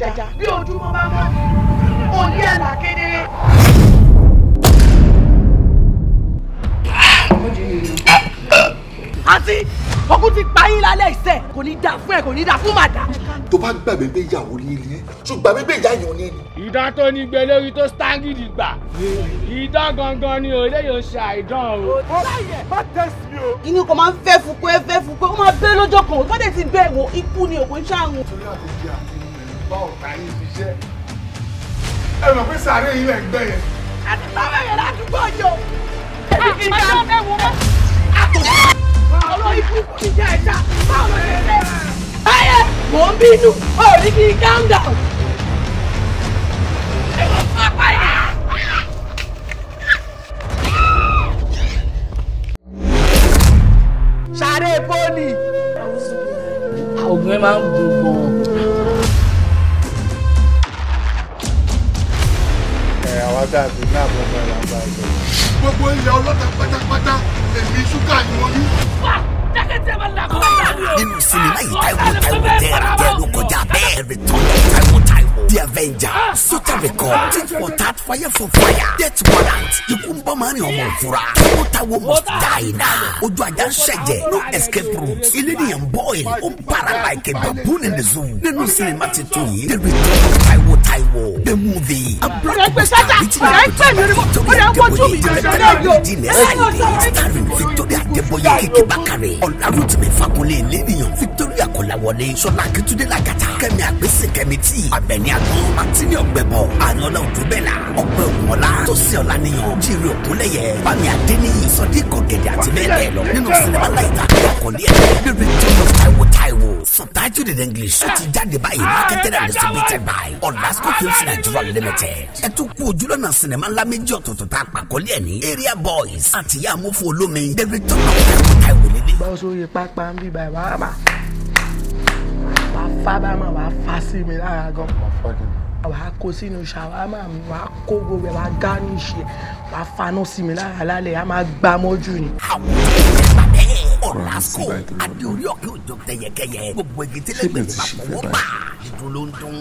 ẹja bí ojúmọ́ bá mọ́ òní àlà kedere. àti ogun ti pa yín lálẹ́ ìṣe kò ní dáa fún ẹ kò ní dáa fún màdá. tó bá gbàgbé pé ìyàwó ní ilé ṣùgbọ́n gbàgbé pé ìyàwó ní ilé. ìdá tó ní gbé lórí tó stangidi gbà ìdán gangan ni òde yóò ṣe àìdán o. ó má tẹ̀sí mi o. inú kan máa ń fẹ́ fukú ẹ fẹ́ fukú ó máa bẹ́ lọ́jọ́ kan ó gbọ́dọ̀ ti bẹ́ẹ̀ wò ikú ni òkú ń ṣàrùn bá ọ̀tá yín ṣiṣẹ́ ẹ mọ̀ pé sàárè yín lẹ̀ ń gbẹ́ yẹn. àti bàbá yẹn ládùúgbò yìí o. èmi ti ká àtòkù olórí burúkú ní ìjà ẹja báwo ló ṣe ṣe. báyẹ̀ mò ń bínú ó rí kí n calm down. sáré pọ́nì. àwọn obìnrin máa ń gun gan-an. ọlọ́dà àti ní àbọ̀bọ̀ ẹ̀ làbá ẹ̀ gbogbo ilẹ̀ ọlọ́dà pátápátá èmi ṣúgà ni mo ní. the avenger sota record tit for tat fire for fire death warrant ikú ń bọ́ máa ń rìn ọmọ òfura owó táwọn must die now ojú ajá ń ṣẹ̀jẹ̀ no escape route ilé nìyẹn ń bọ́ ẹ̀ ó ń para like a baboon in the zoo nínú sinimá ti tó yìí the return of Taiwo Taiwo the movie abúlọ́kùnrin original victoria adeboye abẹ́tẹ́lẹ́ ìdílé sáyẹ̀dẹ̀ starring victoria adeboye kékeré bákàrẹ̀ ọ̀làrútùmí fagunlé lẹ́nìyàn victoria kọ́láwọlé sọlá akíntúndé làkàtà kẹ́mi àgbésè kẹ́mi tí abẹ́ni àgbọn àtìní ọ̀gbẹ̀bọ̀ àrùn ọ̀dùnbẹ̀là ọ̀pẹ òmùọ́lá tòsí ọ̀la níyàn jírí òkúlẹ̀yẹ bami adéníyì sọdí kọ̀gẹ̀dẹ̀ àti bẹ́ẹ̀ bẹ́ẹ̀ lọ nínú sinimá láìta ọkọ̀lẹ́ ẹ̀ lórí tọ́lọ̀ táìwò táìwò subtitled in english ó ti jáde báyìí marketed and distributed by olasco films nigeria limited ẹ tún kú ojúlọ́nà sinimá ńlá méjì ọ̀tọ̀ọ̀tọ̀ tá a pàkọ́lẹ́ ẹ̀ ní area boys àti ìyá amófo olómi lórí tọ́lọ̀ táìwò táìwò nílé. báwo sóye pápá ń bí bàbá àbá fa bá máa wá fa sí mi lára gan. wàá kó sínú ṣàwámà mi wàá kó gbogbo ẹ̀ wàá gánìṣì ẹ̀ wàá faná sí mi lára lálẹ́ a máa gbá mọ́jú ni. ọ̀làsó adé orí ọ̀kẹ́ òjò tẹ̀yẹkẹyẹ gbogbo igi tí lẹ́gbẹ̀ẹ́ ti máa fọwọ́ bá dídùn ló ń dún.